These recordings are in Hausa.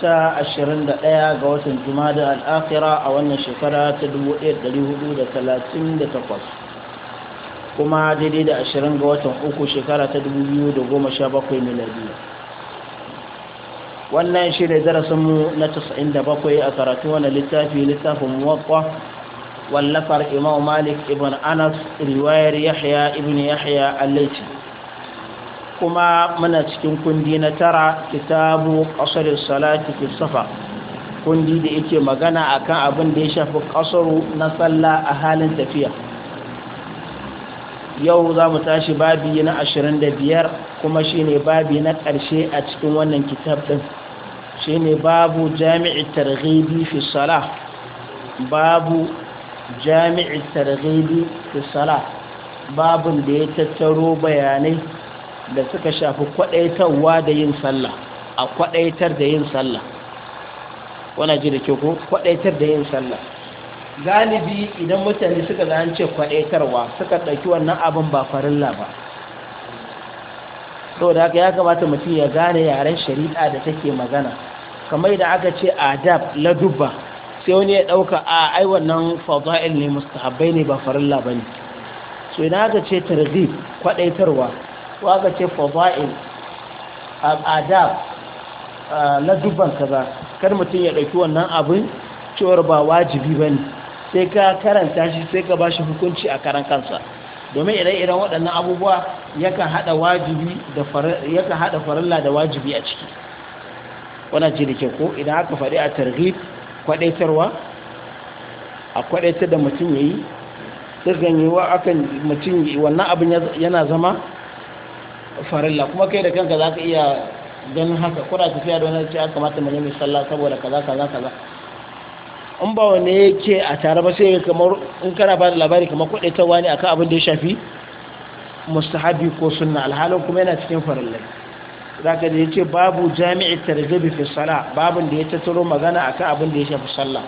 ta 21 ga watan jumada al'akira a wannan shekara ta 1438 kuma daidai da 20 ga watan uku shekara ta 2017 miladiya wannan shi ne darasinmu na 97 a karatu wani littafi littafin muwakwa wallafar imam malik ibn anas riwayar yahya ibn yahya al-laici kuma muna cikin kundi na tara kitabu ƙasarin salati fi safa kundi da yake magana akan abin da ya shafi ƙasaru na sallah a halin tafiya yau za mu tashi babi na ashirin da biyar kuma shi ne babi na ƙarshe a cikin wannan kitab ɗin shi ne babu jami'i targhibi fi sala babu jami'i targhibi fi sala babun da ya tattaro bayanai da suka shafi kwadaitarwa da yin sallah a kwadaitar da yin sallah wana ji da ke ko kwadaitar da yin sallah galibi idan mutane suka zance kwadaitarwa suka ɗauki wannan abin ba farilla ba to da haka ya kamata mutum ya gane yaren shari'a da take magana kamar da aka ce adab la dubba sai wani ya ɗauka a ai wannan fada'il ne mustahabbai ne ba farilla ba ne so idan aka ce tarzi kwadaitarwa ko aka ce fada'il adab na dubban ka ba kar mutum ya ɗauki wannan abin cewar ba wajibi ba ne sai ka karanta shi sai ka ba shi hukunci a karan kansa domin ire-iren waɗannan abubuwa yakan haɗa da haɗa farilla da wajibi a ciki wana ce da ke ko idan aka faɗi a targhib kwaɗaitarwa a kwaɗaitar da mutum ya yi tsirgan yi wa akan mutum wannan abin yana zama farilla kuma kai da kanka za ka iya ganin haka da tafiya da wani ce aka ah, mata mu nemi sallah saboda kaza kaza kaza in ba wani yake a tare ba sai kamar in kana ba da labari kamar ta wani akan abin da ya shafi mustahabi ko sunna alhalin kuma yana cikin za ka da yace babu jami'i tarjibi fi salah babin da ya tattaro magana akan abin da ya shafi sallah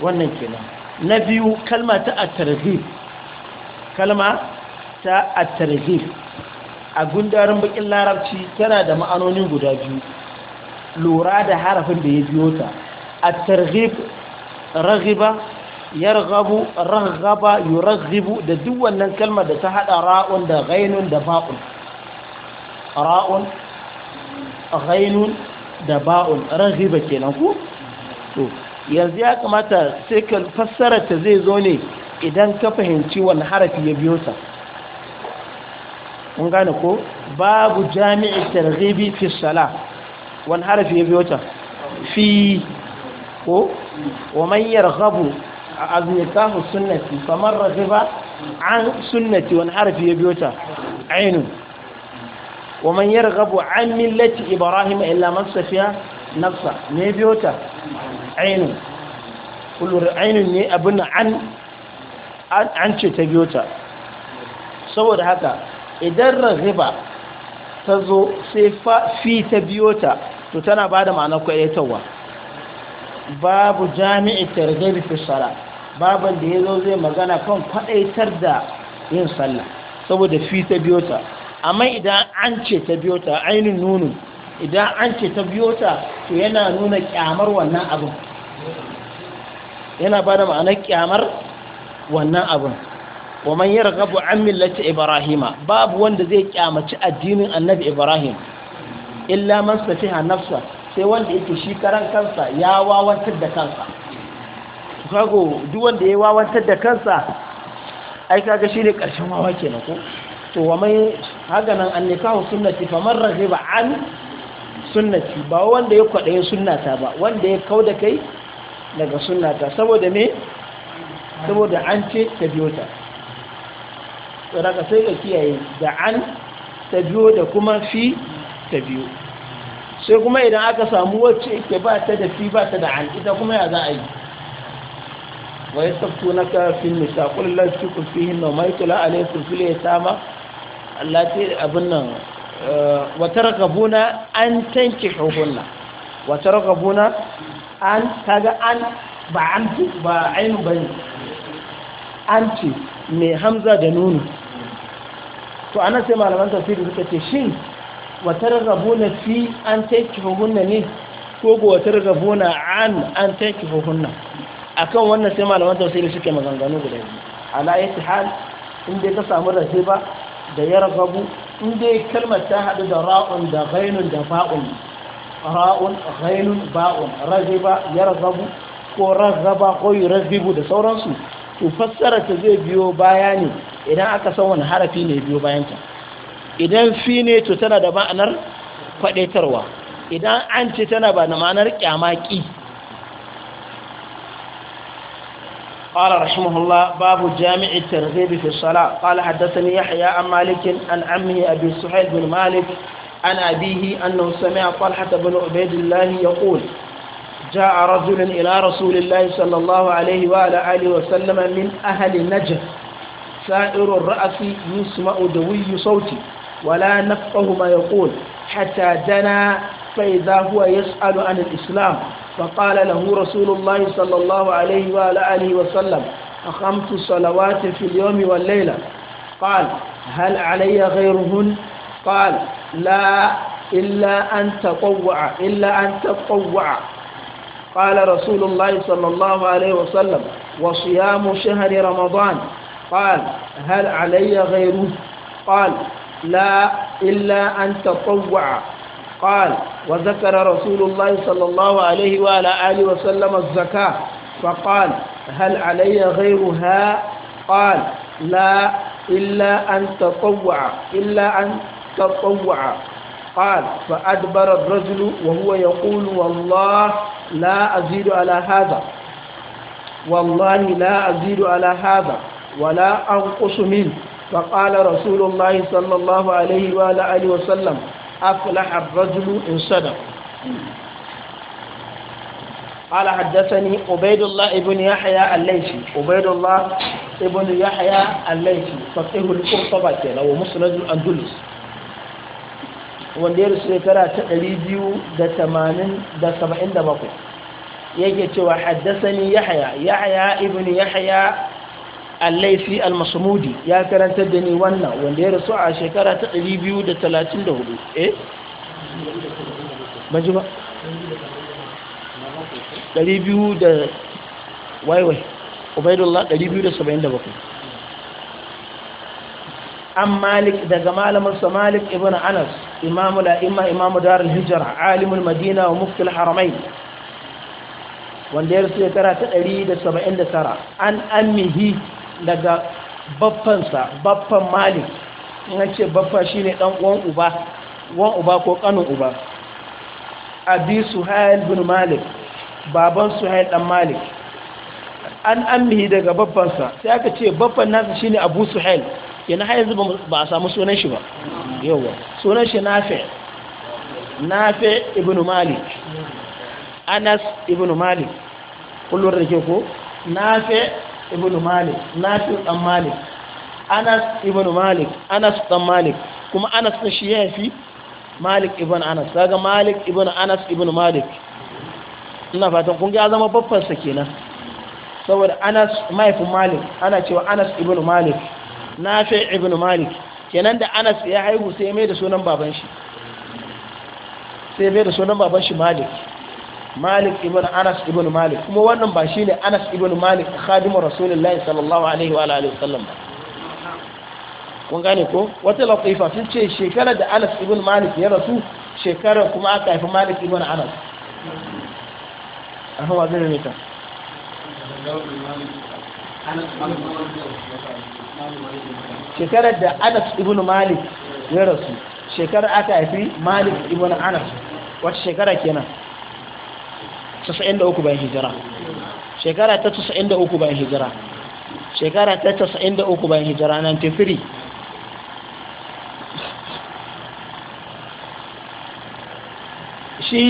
wannan kenan na biyu kalma ta at kalma ta at a gundarin bakin larabci tana da ma'anoni guda biyu lura da harafin da ya biyo ta at-targhib raghiba yarghabu raghaba yurghibu da duk wannan kalmar da ta hada ra'un da ghainun da ba'un ra'un ghainun da ba'un raghiba kenan ku to yanzu ya kamata sai ka fassara ta zai zo ne idan ka fahimci wannan harafi ya biyo ta mun gane ko babu jami'i targhibi fi salah wani harafi ya biyo fi ko wa man yarghabu aznikahu sunnati faman raghiba an sunnati wani harafi ya biyo ta ainun wa man yarghabu an millati ibrahim illa man safiya nafsa ne biyo ta ainun kullu ainun ne abin an an ce ta biyo ta saboda haka idan ragiba ta zo sai fi ta biyo ta to tana ba da ma'anar kwayatarwa babu jami'i targabi fi sara baban da ya zo zai magana kan kwadaitar da yin sallah saboda fi ta biyo ta amma idan an ce ta biyo ta ainihin nunu idan an ce ta biyo ta to yana nuna kyamar wannan abin yana ba da ma'anar kyamar wannan abin wa man yarghabu an millati ibrahima babu wanda zai kyamaci addinin annabi ibrahim illa man safiha nafsa sai wanda yake shi karan kansa ya wawantar da kansa kago duk wanda ya wawantar da kansa ai kaga shine karshen wawa kenan ko to wa mai haka nan an nikahu sunnati fa man raghiba an sunnati ba wanda ya kwadaye sunnata ba wanda ya kauda kai daga sunnata saboda me saboda an ce ta biyo ta saraka sai ka kiyaye da an ta biyo da kuma fi ta biyo sai kuma idan aka samu wacce ke ba ta da fi ba ta da an ita kuma ya za a yi wa ya tsafto na kafin nisa kullum lafi fi na mai kula a laifin fili ya sama Allah ce yi abin nan eh, wata rakabuna an tanki hukunna wata rakabuna an ga an ba an ba ainihin bane an ce mai hamza da nuni. to ana sai malaman tafsiri suka ce shin wata rarrabuna fi an taiki hukunna ne ko ko wata rarrabuna an an taiki hukunna akan wannan sai malaman tafsiri suke maganganu guda biyu ala yati hal in ka samu rahiba da ya rahabu in dai kalmar ta hadu da ra'un da ghainun da fa'un ra'un ghainun ba'un rahiba ya rarrabu, ko Rarraba, ko yurahibu da sauransu to fassara ta zai biyo baya ne idan aka san wani harafi ne biyo bayanta idan fi ne to tana da ma'anar faɗaitarwa idan an ce tana ba da ma'anar kyamaki قال رحمه الله باب جامع الترغيب في الصلاة قال حدثني يحيى عن مالك عن عمه أبي سحيل بن مالك عن أبيه أنه سمع طلحة بن عبيد الله يقول جاء رجل إلى رسول الله صلى الله عليه وعلى آله وسلم من أهل النجف سائر الرأس يسمع دوي صوتي ولا نفقه ما يقول حتى دنا فإذا هو يسأل عن الإسلام فقال له رسول الله صلى الله عليه وآله وسلم أخمت صلوات في اليوم والليلة قال هل علي غيرهن قال لا إلا أن تطوع إلا أن تطوع قال رسول الله صلى الله عليه وسلم وصيام شهر رمضان قال هل علي غيره قال لا إلا أن تطوع قال وذكر رسول الله صلى الله عليه وعلى آله وسلم الزكاة فقال هل علي غيرها قال لا إلا أن تطوع إلا أن تطوع قال فأدبر الرجل وهو يقول والله لا أزيد على هذا والله لا أزيد على هذا wala an kusumin faƙala rasulullahi sallallahu alaihi wa ala'ali wasallam aflahar rajulu in sada قال حدثني عبيد الله ابن يحيى الليثي عبيد الله ابن يحيى الليثي فقيه القرطبة كان ومسند الأندلس wanda ya rasu shekara ta 287 yake cewa haddasani Yahaya, Yahaya ibn Yahaya. al-laifi al-masmudi ya karantar da ni wannan wanda ya rasu a shekara ta 234 eh ban ba 200 da waiwai ubaidullah 277 an malik daga malamarsa malik ibn anas imamu la'imma imamu darar hijira alimul madina wa muftul haramai wanda ya rasu shekara ta 179 an amihi daga baffansa baffan malik in ce baffa shine dan uwan uba uwan uba ko kanu uba abi suhail bin malik baban suhail dan malik an ammihi daga babbansa sai aka ce babban nasa shine abu suhail yana har yanzu ba a samu sunan shi ba yawa sunan shi nafe? nafe ibn malik anas ibn malik kullum da ke ko nafe? ibn malik nafi dan malik anas ibn malik anas dan malik kuma anas na shi ya malik ibn anas daga malik ibn anas ibn malik ina fatan kun ga zama babban sa kenan saboda anas mahaifin malik ana cewa anas ibn malik nafi ibn malik kenan da anas ya haihu sai mai da sunan baban shi sai mai da sunan baban shi malik malik ابن anas ابن malik kuma wannan ba shine anas ibn malik khadimu rasulullahi sallallahu alaihi wa alihi wasallam ba kun gane ko wata latifa sun ce shekara da anas ibn malik ya rasu shekara kuma aka haifi malik ibn anas a hawa zai ne ta shekarar da anas ibn malik ya rasu shekarar aka haifi malik ibn anas wata shekara kenan 93 bayan hijira shekara ta 93 bayan hijira shekara ta 93 bayan hijira 93 shi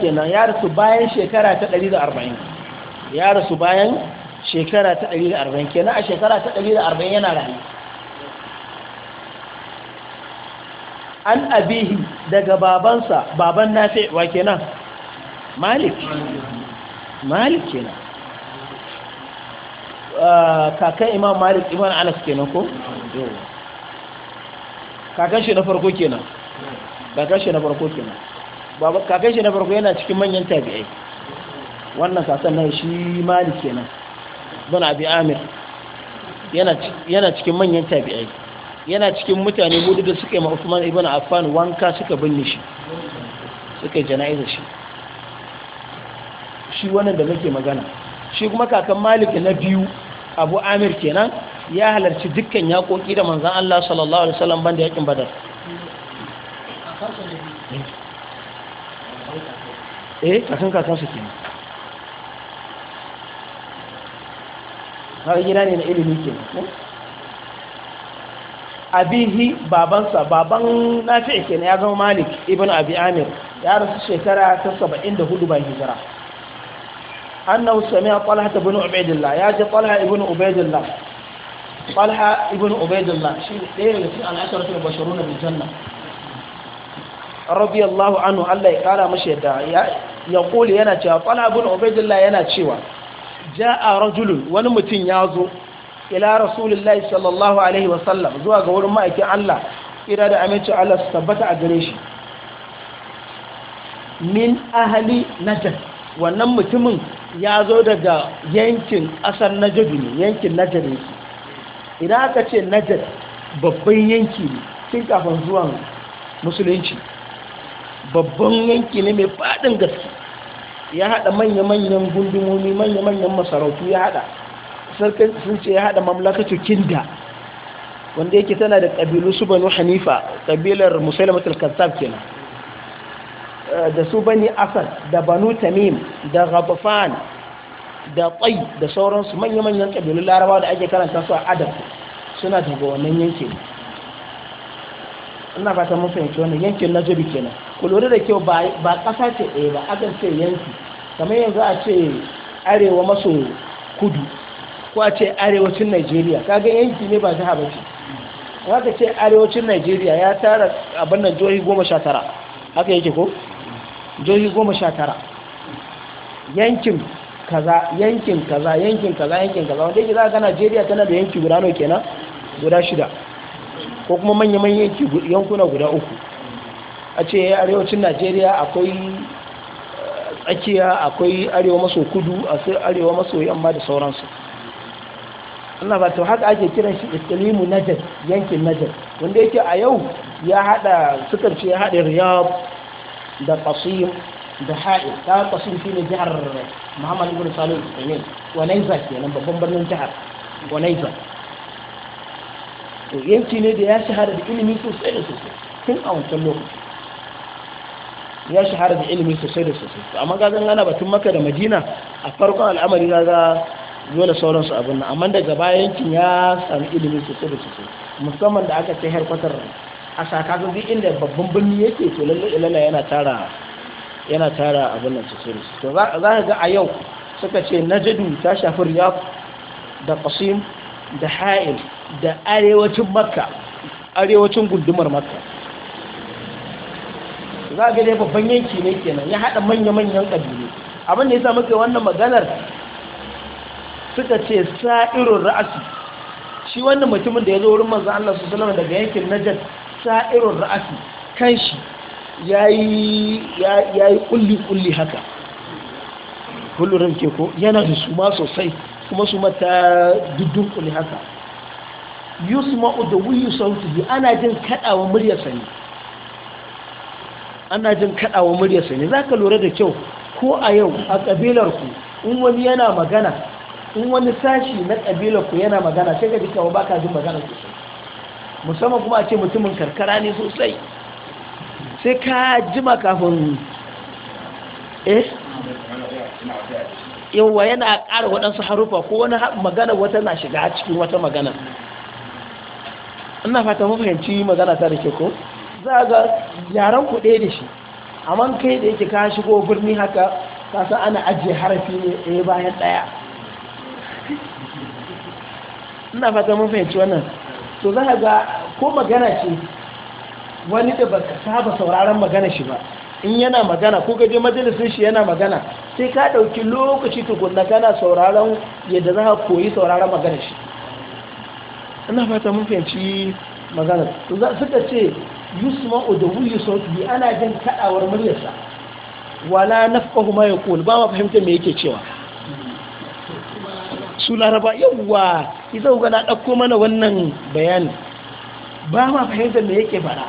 kenan ya rasu bayan shekara ta 140 ya rasu bayan shekara ta 140 kenan a shekara ta 140 yana rayu an abihi daga babansa baban nafi wa kenan malik malik kenan ah, kakan imam malik iman anas kenan ko kakan shi na farko kenan kakan shi na farko kenan kakan shi na farko yana cikin manyan tabi'ai wannan kakan nan shi malik kenan don abi amir yana cikin manyan tabi'ai yana cikin mutane hudu da suka yi ma Usman ibn Affan wanka suka binne shi suka yi jana'izar shi shi wannan da nake magana shi kuma kakan Malik na biyu Abu Amir kenan ya halarci dukkan yakoki da manzan Allah sallallahu alaihi wasallam banda yakin Badar eh kakan kakan su kenan har gina ne na ilimin kenan abihi babansa baban nafi kenan ya zama malik ibn abi amir ya rasu shekara ta 74 ba hijira annahu sami'a talha ibn ubaidillah ya ji talha ibn ubaidillah talha ibn ubaidillah shi ne ɗaya da cikin al'asharatu al na bijanna janna allahu anhu Allah ya kara mashi yadda ya kuli yana cewa talha ibn ubaidillah yana cewa ja'a rajulun wani mutum ya zo ila rasulullahi sallallahu alaihi wasallam zuwa ga wurin ma'aikin Allah ira da aminci Allah su tabbata a gare shi min ahali najd wannan mutumin ya zo daga yankin ƙasar najd ne yankin najd ne idan aka ce najd babban yanki ne tun kafin zuwan musulunci babban yanki ne mai faɗin gaske ya haɗa manya-manyan gundumomi manya-manyan masarautu ya haɗa sun ce ya haɗa mamlakatu kinda wanda yake tana da ƙabilu su banu hanifa ƙabilar musulmatul kazzab kenan eh, da su bani asad da banu tamim da gabafan da tsai da sauransu manya-manyan ƙabilun larabawa da ake karanta su a adam suna daga wannan yankin ina fata mun fahimci wannan yankin na jabi kenan ku lura da kyau ba ƙasa ce ɗaya ba akan ce yanki kamar yanzu a ce arewa maso kudu ko a ce arewacin najeriya kaga yanki ne ba jiha ba ce haka ce arewacin najeriya ya tara abin nan jihohi goma sha tara haka yake ko jihohi goma sha tara yankin kaza yankin kaza yankin kaza yankin kaza wanda yake za ga najeriya tana da yanki guda nawa kenan guda shida ko kuma manya-manyan yankuna guda uku a ce arewacin najeriya akwai eh, tsakiya akwai arewa maso kudu a arewa maso yamma da sauransu Allah ba to haka ake kiran shi iskalimu Najd yankin Najd wanda yake a yau ya hada suka ce ya hada riyab da qasim da ha'il ta qasim shine jihar Muhammad ibn Salim Ismail ke nan babban birnin jihar Wanaiza to yanki ne da ya shahara da ilimi sosai da sosai tun a wancan lokaci ya shahara da ilimi sosai da sosai amma ga zan ana batun Makka da madina a farkon al'amari ga dole sauransu abin nan amma daga bayankin ya sami ilimi sosai da sosai musamman da aka ce harkwatar a sakazin duk inda babban birni yake to lalla yana tara yana tara abin nan sosai da to za ka ga a yau suka ce najadu ta shafi riyadh da qasim da ha'il da arewacin makka arewacin gundumar makka za ga dai babban yanki ne kenan ya hada manya-manyan kabilu abin da ya sa muke wannan maganar suka ce sa'irun ra'asi shi wannan mutumin da ya zo wurin maza Allah su salama daga yankin Najd sa'irun ra'asi kanshi ya yi kulli kulli haka kullu keko yana da suma sosai kuma su mata duddun kulli haka ma’u da sautu yi ana jin kadawa murya sani ne ana jin kadawa murya sani Za ka lura da kyau ko a yau a ƙabilarku in wani yana magana in wani sashi na ƙabilar ku yana magana sai ka ji kawo ba ka jin magana sosai musamman kuma a ce mutumin karkara ne sosai sai ka jima kafin eh yawa yana ƙara waɗansu harufa ko wani magana wata na shiga cikin wata magana ina fata mafahimci magana ta da ke ko za ga yaran ku ɗaya da shi amma kai da yake ka shigo birni haka kasa ana ajiye harafi ne ɗaya bayan ɗaya ina fata mun fahimci wannan to za ga ko magana ce wani da ba ka saba sauraron magana shi ba in yana magana ko gaje majalisun shi yana magana sai ka ɗauki lokaci tukunna kana sauraron yadda za ka koyi sauraron magana shi ina fata mun fahimci magana za suka ce yusma udawiyu sauti ana jin kadawar muryarsa wala nafqahu ma yaqul ba ma fahimta me yake cewa su laraba yawwa isa ku gana ɗauko mana wannan bayani ba ma fahimtar me yake fara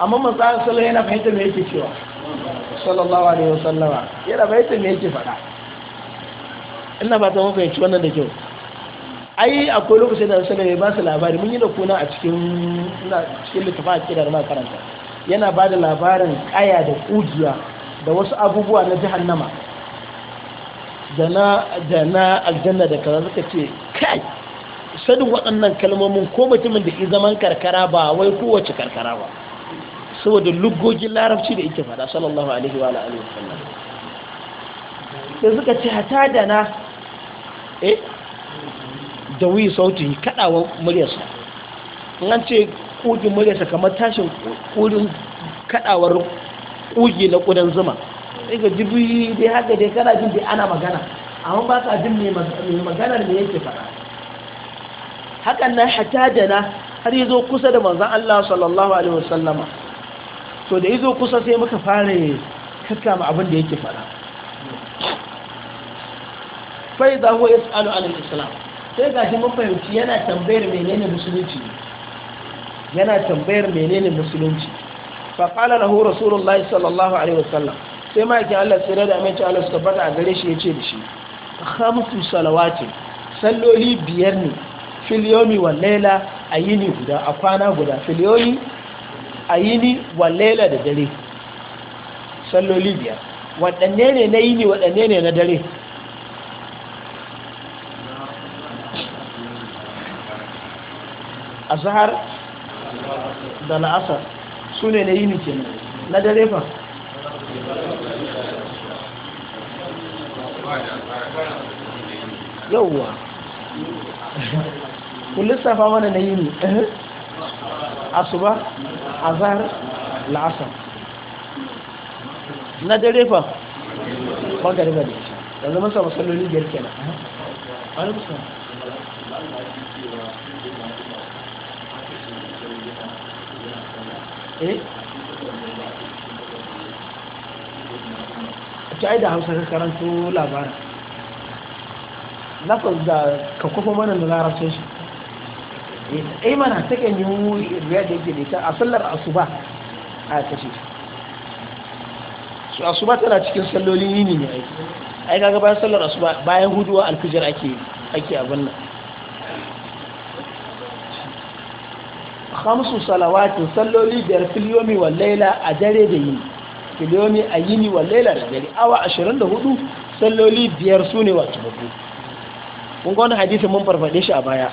amma manzan salo yana fahimtar me yake cewa sallallahu alaihi wasallama yana fahimtar me yake fara ina ba ta mafi yanci wannan da kyau ai akwai lokacin da sallallahu ya ba su labari mun yi da kuna a cikin ina cikin littafa a cikin da ma karanta yana ba da labarin kaya da kujiya da wasu abubuwa na jahannama da na aljanna da kaza suka ce kai sadin waɗannan kalmomin ko mutumin da ke zaman karkara ba wai kowace karkara ba saboda lugogin larabci da yake fada sallallahu alaihi wa alihi wa sallam sai suka ce hata da na eh da wuyi sautin kadawa muryarsa in an ce kogin muryarsa kamar tashin kurin kadawar kogi na kudan zuma ga jibi dai haka dai kana jin dai ana magana amma ba ka jin mai maganar ne yake faɗa hakan nan da na har yazo kusa da manzon Allah sallallahu alaihi wasallama to da yazo kusa sai muka fara mu abin da yake faɗa fa idza huwa yas'alu an al-islam sai ga shi fahimci yana tambayar menene musulunci yana tambayar menene musulunci fa qala lahu rasulullahi sallallahu alaihi wasallam sai ma'aikin Allah sai da aminci Allah suka tabbata a gare shi ya ce da shi khamsu salawatin salloli biyar ne filiyomi wa laila a yini guda a kwana guda fil a yini wal laila da dare salloli biyar waɗanne ne na yini waɗanne ne na dare azhar da la'asar su ne na yini kenan na dare fa yauwa kun lissafa mana na yini asuba Azar, la'asar na dare fa magariba ne da zama samu salloli biyar kenan alikusa eh ci ai da hausa ka karanto labarin na da ka kufa mana da larabcin shi eh, ai mana ta kan yi riya da yake da ita a sallar asuba a kashe su asuba tana cikin sallolin yini ne aiki ai kaga bayan sallar asuba bayan huduwa alfijar ake ake abin nan khamsu salawatin salloli biyar fil wa laila layla a dare da yini kiliyomi a yini wa laila da awa 24 salloli biyar su ne wato babu kun wani hadisi mun farfaɗe shi a baya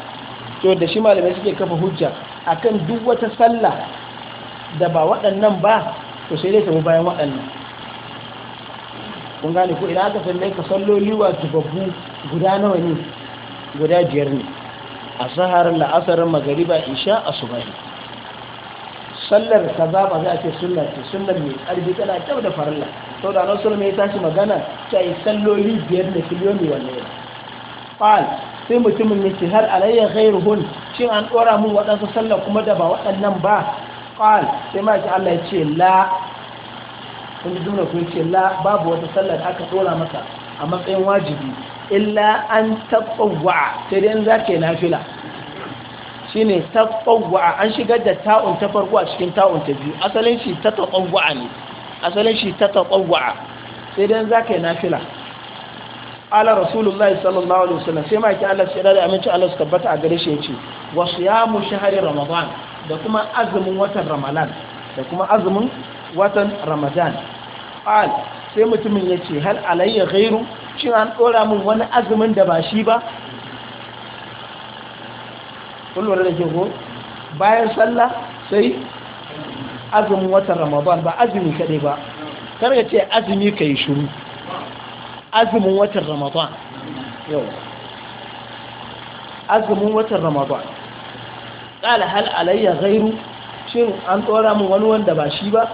to da shi malamai suke kafa hujja a kan duk wata salla da ba waɗannan ba to sai dai ta bayan waɗannan kun gane ko idan aka sallai ka salloli wa babu guda nawa ne guda biyar ne a saharar la'asarar magariba isha a subahi sallar kaza ba za a ce sunna ce sunnar mai karfi tana kyau da farilla to da sunna mai tashi magana ta yi salloli biyar da kiliyomi wanne ya sai mutumin ya ce har alayya ruhun shin an ɗora mun waɗansu sallar kuma da ba waɗannan ba ƙwal sai ma Allah ya ce la kun ji jumla kun ce la babu wata sallar da aka ɗora masa a matsayin wajibi illa an taɓa sai dai za ka yi nafila shine tatawwa an shigar da ta'un ta farko a cikin ta'un ta biyu asalin shi ta tatawwa ne asalin shi ta tatawwa sai dan zaka yi nafila ala rasulullahi sallallahu alaihi wasallam sai maki Allah shi da aminci Allah su tabbata a gare shi yace wa siyamu shahri ramadan da kuma azumin watan ramadan da kuma azumin watan ramadan al sai mutumin yace hal alayya ghairu shin an dora min wani azumin da ba shi ba kullum da ke ko bayan sallah sai azumin watan ramadan ba azumi kadai ba kar ka ce azumi ka yi shuru azumin watan ramadan yau azumin watan ramadan ƙala hal alayya gairu shin an tsora min wani wanda ba shi ba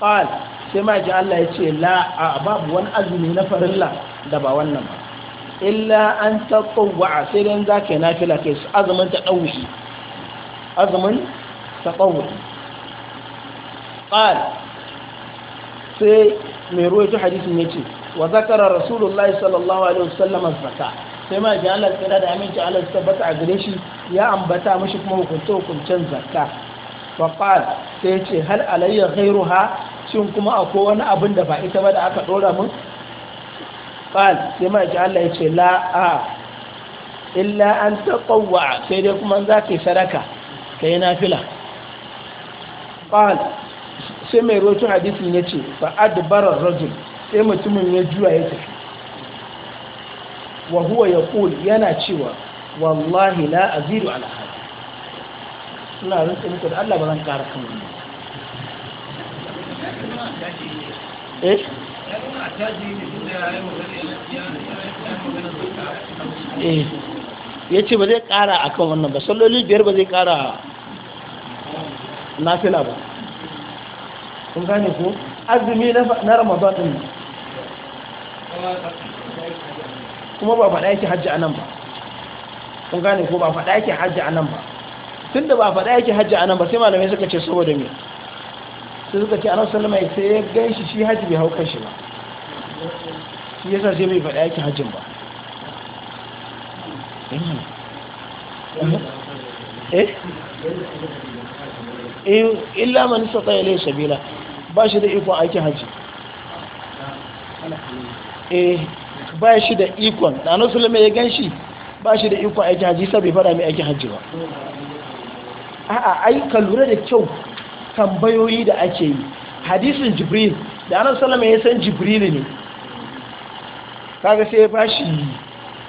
ƙal sai ma ji Allah ya ce la a babu wani azumi na farilla da ba wannan ba illa an tatawwa sai dan zaka nafila kai su azumin ta azumin ta dawuhi qal sai mai ruwaito hadisin yace wa zakara rasulullahi sallallahu alaihi wasallam zaka sai ma ji Allah tsira da aminci Allah tabbata a gare shi ya ambata mashi kuma hukunce hukuncen zakka fa qala sai yace hal alayya ha shin kuma akwai wani abin da ba ita ba da aka ɗora mun qal sai ma ji Allah yace la a illa an taqawwa sai dai kuma za ka yi sadaka kai nafila sai mai roto hadisin yace fa adbara rajul sai mutumin ya juya ya tafi wa huwa yaqul yana cewa wallahi la azidu ala hada ina rinka muku da Allah ba zan kara kan Eh, ya ce ba zai kara a kan wannan ba salloli biyar ba zai kara nafila ba sun gane ko azumi na ramadan din kuma ba faɗa yake hajji a nan ba sun gane ko ba faɗa yake hajji a nan ba tun da ba faɗa yake hajji a nan ba sai malamai suka ce saboda me sai suka ce a nan ya sai ya gan shi shi hajji bai hau kan shi ba shi yasa sai bai faɗa yake hajjin ba eh? Eh? Eh, illa man sata ilai sabila ba shi da ikon aiki hajji ba shi da ikon ɗanar sulama ya gan shi ba shi da ikon aiki hajji sabi bai faɗa mai aiki hajji ba a ai ka lura da kyau tambayoyi da ake yi hadisin jibril da anan salama ya san jibril ne kaga sai ya bashi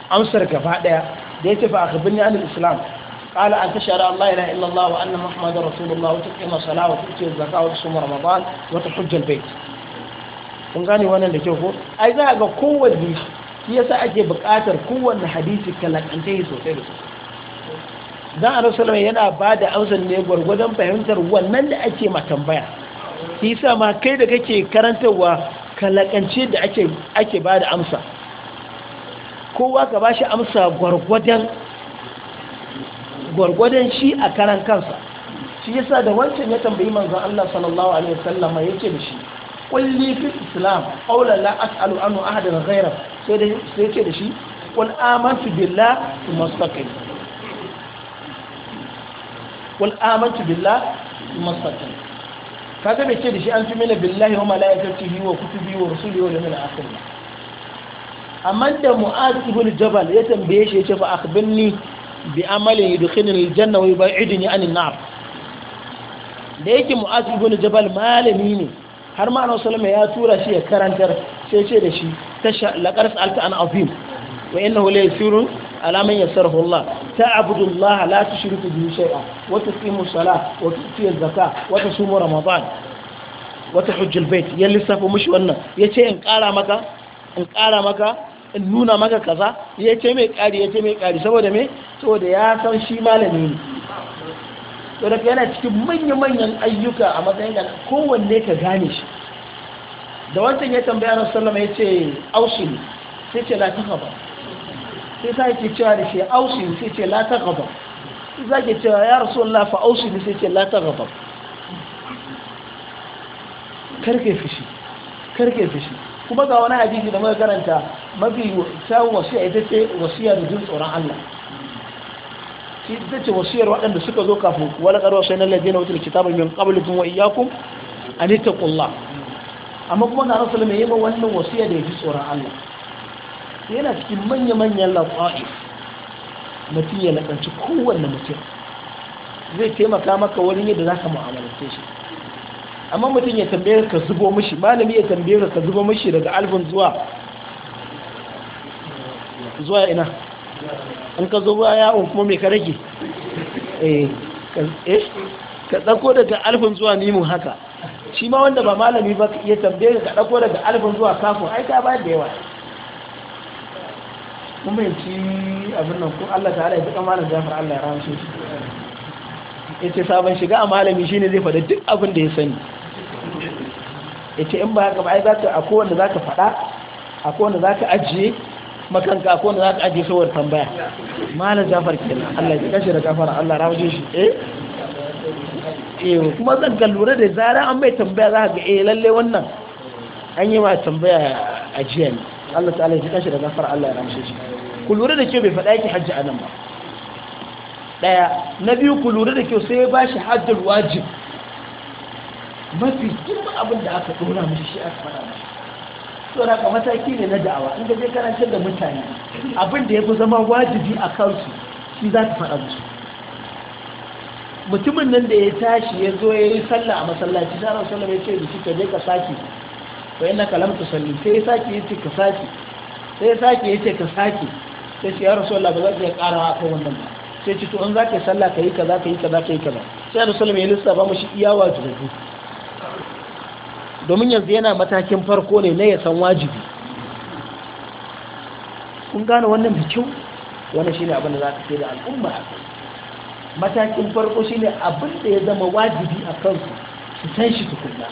amsar gaba daya da yace fa akhbirni an al-islam qala an tashara Allah la ilaha illa allah wa anna muhammadar rasulullah wa tuqima salat wa tu'ti zakat wa tusum ramadan wa tuhajj al-bayt kun gane wannan da kyau ko ai za ga kowanne shi yasa ake buƙatar kowanne hadisi kalakance sosai da sosai dan rasulullah yana ba da amsar ne gurgudan fahimtar wannan da ake ma tambaya shi yasa ma kai da kake karantarwa kalakance da ake ake ba da amsa kowa ka ba shi amsa gwargwadon shi a karan kansa shi yasa da wancan ya tambayi manzan Allah sallallahu alaihi wasallama ya ce da shi kulli fi islam aula la as'alu anhu ahadan ghayra sai da sai ce da shi qul amantu billahi thumma istaqim qul amantu billahi thumma istaqim kaga bai ce da shi an tumina billahi wa malaikatihi wa kutubihi wa rusulihi wa yawmil akhir amma da mu'az ibn jabal ya tambaye shi ya ce fa akhbirni bi amalin yudkhilni aljanna wa yubaidni anin nar da yake mu'az ibn jabal malami ne har ma annabi sallallahu ya tura shi ya karantar sai ce da shi tasha laqad sa'alta an azim wa innahu la yusirun ala man yasarahu Allah ta'budu Allah la tushriku bihi shay'a wa tuqimu salah wa tu'ti zakah wa tasumu ramadan wa tahujju al ya lissafa mushi wannan yace in kara maka in kara maka in nuna maka kaza ya ce mai ƙari ya ce mai ƙari saboda me saboda ya san shi malami ne to da yana cikin manya-manyan ayyuka a matsayin da kowanne ka gane shi da wancan ya tambaya na sallama ya ce aushi ne sai ce la ta gaba sai sa yake cewa da shi aushi sai ce la ta gaba sai sa yake cewa ya rasu Allah fa aushi ne sai ce la ta gaba karke fishi karke fishi kuma ga wani hadisi da muka karanta mafi kyawun wasiya ita ce wasiya da jin tsoron Allah shi ita ce wasiyar waɗanda suka zo kafin wala ƙarwa sai na lajina wutar kitaba min qablikum wa a nita ƙulla amma kuma ga rasul mai yaba wannan wasiya da ya ji tsoron Allah yana cikin manya manyan laqa'i mutum ya lakanci kowanne mutum zai taimaka maka wani yadda za ka mu'amalance shi amma mutum ya tambaye ka zubo mishi malami ya tambaye ka zubo mishi daga alfin zuwa zuwa ina An ka zubo yawon kuma mai ka rage eh, ka dako eh, daga alfin zuwa nimin haka shi ma wanda ba malami ba ya tambaye ka dako daga alfin zuwa kafin ai ka bayar da yawa kuma yanci abin nan ko Allah ta'ala ya kama malam jafar Allah ya ramshe shi ya ce sabon shiga a malami shine zai faɗi duk abin da ya sani yace in ba haka ba ai zaka akwai wanda zaka faɗa akwai wanda ka ajiye makanka akwai wanda ka ajiye saboda tambaya malam Jafar nan Allah ya kashe da kafara Allah rawaje shi eh eh kuma zan ga lura da zara an bai tambaya za ga eh lalle wannan an yi ma tambaya ajiye ne Allah ta'ala ya kashe da kafara Allah ya ramshe shi ku lura da kyau bai faɗa yake hajji anan ba daya na biyu ku lura da kyau sai ya shi hajjul wajib mafi girma abin da aka tsora musu shi aka fara musu tsora ka mataki ne na da'awa in je karantar da mutane abin da ya fi zama wajibi a kansu shi za ta fara musu mutumin nan da ya tashi ya zo ya yi sallah a masallaci na rasu ya ce da shi ka je ka sake ko yana kalam ta salli sai ya sake ya ce ka sake sai ya sake ya ce ka sake sai shi ya rasu ba za ka iya ƙarawa a kan wannan ba sai ci to in za ka yi sallah ka yi kaza ka yi kaza ka yi kaza sai rasu ya lissafa shi iya wajibi domin yanzu yana matakin farko ne na yasan wajibi kun gane wannan da kyau wani shi ne abinda za ka ce da al'umma a kai matakin farko shi ne abinda ya zama wajibi a kansu su san shi tukunna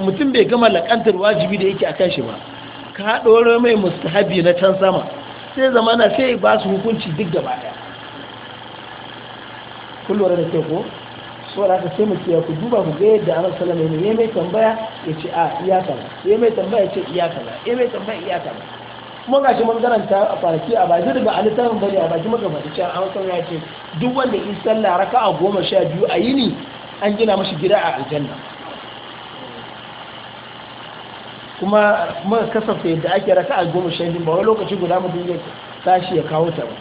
mutum bai gama lakantar wajibi da yake a kan shi ba ka ɗoro mai mustahabi na can sama sai zamana sai ba su hukunci duk da baya. kullum da ke ko saboda haka sai mu ce ku duba ku ga yadda annabi sallallahu alaihi wasallam ya mai tambaya ya ce a iya kaza ya mai tambaya ya ce iya kaza ya mai tambaya iya kaza kuma ga shi mangaranta a farki a baki daga alitan bane a baki maka cewa an san ya ce duk wanda in sallah raka'a goma sha biyu a yini an gina mashi gida a aljanna kuma muka kasafta yadda ake raka'a goma sha biyu ba wani lokaci guda mutum ya tashi ya kawo ta ba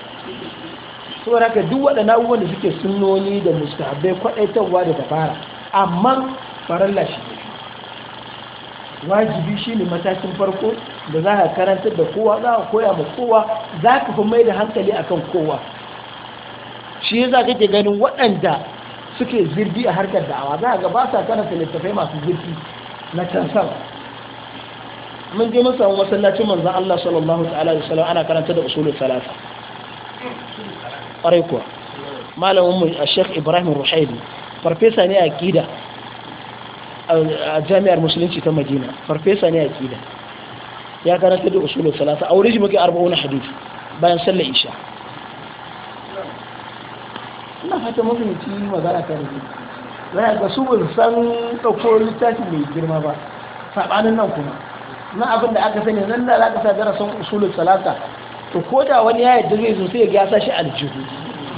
saboda haka duk waɗanda abubuwan da suke sunnoni da mustahabbai kwaɗaitarwa da dabara amma faralla shi ne wajibi shi ne matakin farko da za ka karantar da kowa za ka koya ma kowa za ka fi mai da hankali akan kowa shi ya za kake ganin waɗanda suke zirgi a harkar da'awa za ga ba sa karanta littattafai masu zirgi na can sama mun je mun samu masallacin manzan Allah sallallahu ta'ala da ana karanta da usulun salasa ƙwarai kuwa malamin mu a sheikh ibrahim ruhaili farfesa ne a kida a jami'ar musulunci ta madina farfesa ne a kida ya karanta da usulun salasa a wurin shi muke na hadith bayan sallar isha ina fata mafinci magana ta rufe zai ga su bin san ɗauko littafi mai girma ba saɓanin nan kuma na abin da aka sani nan da za ka sa darasin usulun salasa to ko da wani ya yadda zai zo ya sa shi aljihu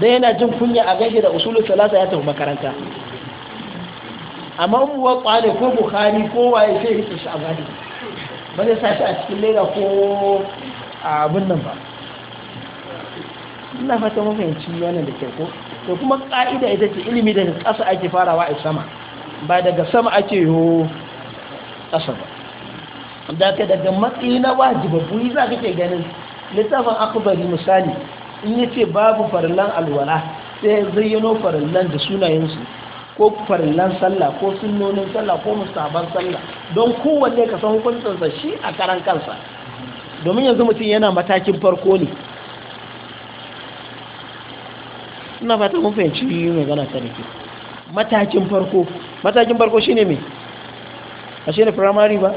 dan yana jin kunya a gashi da usulul salasa ya tafi makaranta amma mu wa kwale ko bukhari ko waye sai ya shi a ba zai sa shi a cikin leda ko a abin nan ba ina fata mafahimci wannan da kyau ko to kuma ka'ida ita ce ilimi daga ƙasa ake farawa a sama ba daga sama ake yo kasa ba da ka daga matsayi na wajibabu za ka ke ganin littafin akubari misali in ya ce babu farillan alwala sai zayyano farillan da sunayensu ko farillan sallah ko sunonin sallah ko musaban sallah don kowanne ka san hukuncinsa shi a karan kansa domin yanzu mutum yana matakin farko ne ina fata mun fahimci magana ta rike matakin farko matakin farko shine me a shine primary ba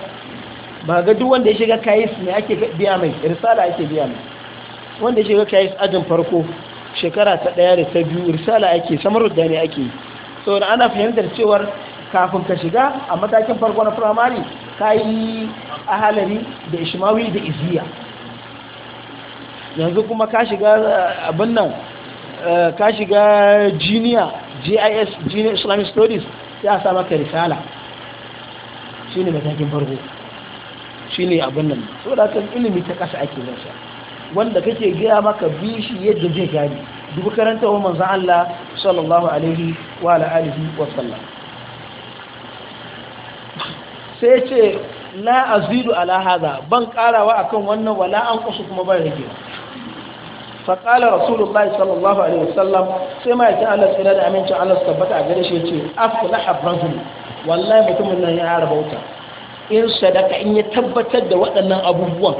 ba ga duk wanda ya shiga kayis ne ake biya mai risala ake biya mai wanda ya shiga kayis ajin farko shekara ta ɗaya da ta biyu risala ake samar da ne ake yi saboda ana fahimtar cewar kafin ka shiga a matakin farko na firamare ka yi ahalari da ishmawi da iziya yanzu kuma ka shiga eh, abin nan eh, ka shiga jiniya gis jiniya islamic studies ya sa maka risala shi ne matakin farko ne abin nan da kan ilimi ta kasa ake yin sa wanda kake gaya maka bi shi yadda zai gani dubu karanta wa manzan Allah sallallahu alaihi wa ala alihi wa sallam sai ce la azidu ala hadha ban karawa akan wannan wala an kusu kuma ban rage faƙalar rasulullahi sallallahu alaihi wa sallam sai ma yake allah tsira da amincin allah su tabbata a gare shi ya ce afkula habrahun wallahi mutumin nan ya raba wuta in sadaka in ya tabbatar da waɗannan abubuwan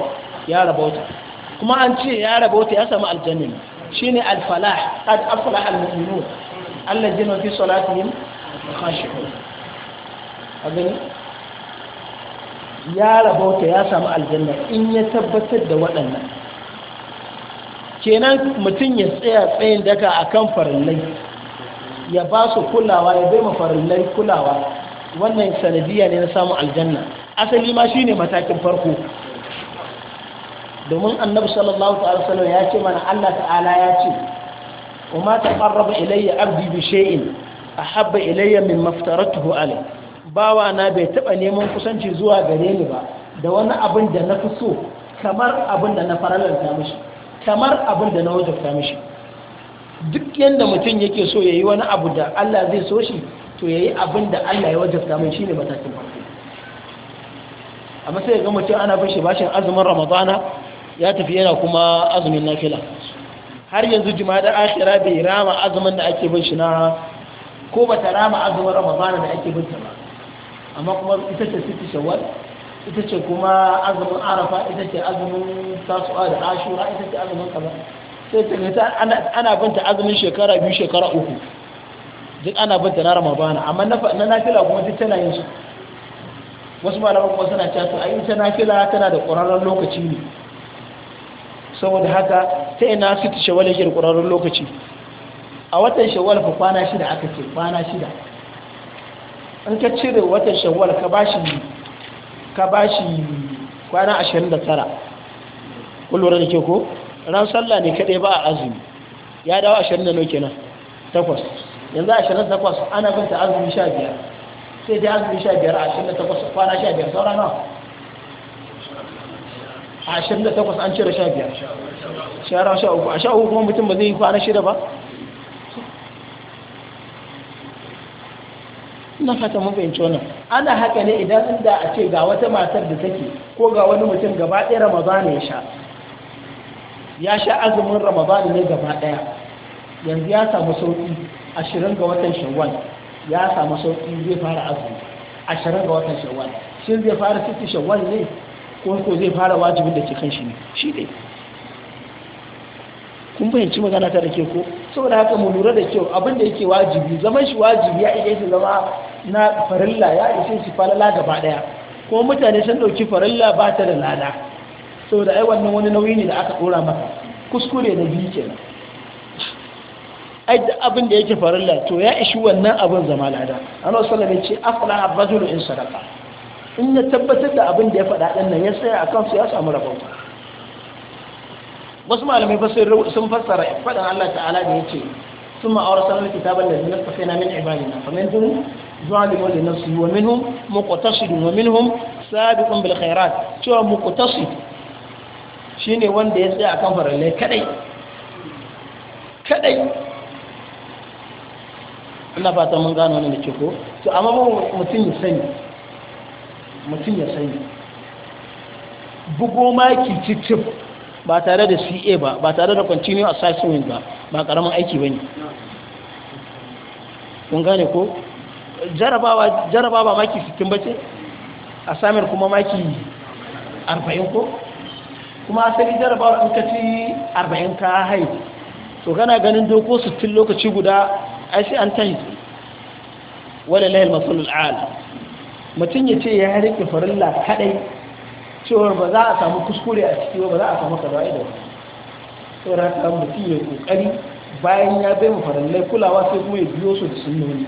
ya raba wata kuma an ce ya raba wata ya samu aljanna shi al-falah qad aflaha al-mu'minun alladhina fi salatihim khashi'un abin ya raba wata ya samu aljanna in ya tabbatar da waɗannan kenan mutum ya tsaya tsayin daga akan farillai ya ba su kulawa ya bai mafarillai kulawa wannan sanadiyya ne na samun aljanna asali ma shi ne matakin farko domin annabi sallallahu ta'ala ya ce mana Allah ta'ala ya ce kuma ta ƙarraba ilayya abdi bi shay'in ahabba ilayya mimma aftaratuhu alayhi bawa na bai taɓa neman kusanci zuwa gare ni ba da wani abin da na fi so kamar abin da na faralanta mishi kamar abin da na wajabta mishi duk yanda mutum yake so yayi wani abu da Allah zai so shi to yayi abin da Allah ya wajabta min shine matakin farko amma sai ga mutum ana bin bashin azumin ramadana ya tafi yana kuma azumin nafila har yanzu da akhira bai rama azumin da ake bin shi na ko bata rama azumin ramadana da ake bin ba amma kuma ita ce siti shawwal ita ce kuma azumin arafa ita ce azumin tasu'a da ashura ita ce azumin kaza sai ta ana binta azumin shekara biyu shekara uku duk ana bin ta na amma na nafila kuma duk tana yin su wasu malaman kuma suna cewa to ayi ta nafila tana da ƙwararren lokaci ne saboda haka ta ina su ta shawala ke da ƙwararren lokaci a watan shawala fa kwana shida aka ce kwana shida in ka cire watan shawala ka bashi ka bashi kwana 29 kullu da ke ko ran sallah ne kadai ba a azumi ya dawo ashirin da nawa kenan takwas yanzu ashirin takwas ana bin ta azumi sha biyar sai dai azumi sha biyar ashirin da takwas kwana sha biyar saura nawa ashirin da takwas an cire sha biyar shara sha uku a sha uku kuma mutum ba zai yi kwana shida ba na fata mafi fahimci ana haka ne idan inda a ce ga wata matar da take ko ga wani mutum gaba ɗaya ramazan ya sha ya sha azumin ramazan ne gaba ɗaya yanzu ya samu sauƙi ashirin ga watan shawwal ya samu sauki zai fara azumi ashirin ga watan shawwal shi zai fara sitti shawwal ne ko ko zai fara wajibin da ke kan shi ne shi ne kun fahimci magana ta da ke ko saboda haka mu lura da kyau abin da yake wajibi zaman shi wajibi ya iya shi zama na farilla ya ishe shi falala gaba daya ko mutane sun dauki farilla ba ta da lada saboda ai wannan wani nauyi ne da aka dora maka kuskure da biyu kenan ai duk abin da yake faralla to ya ishi wannan abin zama lada annabi sallallahu ya ce afla in sadaka, in ya tabbatar da abin da ya faɗa ɗin nan ya tsaya a kansu ya samu rabauta wasu malamai ba sun fassara faɗin Allah ta'ala da ya ce sun ma'awar sanar kitabar da zinar tafi na min ibadina fa min dun zuwa da mawali nafsu wa minhum muqtasidun wa minhum sabiqun bil khairat cewa shi ne wanda ya tsaya akan farallai kadai kadai ina fata mun gano wannan da ke ko to amma mutum ya sani mutum ya sani bugo maki cicip ba tare da CA ba ba tare da continue assessment ba ba karaman aiki bane kun gane ko jarabawa jarabawa maki 60 bace assignment kuma maki 40 ko kuma asali jarabawar in ka ci 40 ka haihu to kana ganin doko 60 lokaci guda ai an tahi su Wani lahil masalul ala mutum ya ce ya harika farilla kadai cewar ba za a samu kuskure a ciki ba za a samu kaza da wani ta haka mutum ya kokari bayan ya bai mu farallai kulawa sai kuma ya biyo su da sunnoni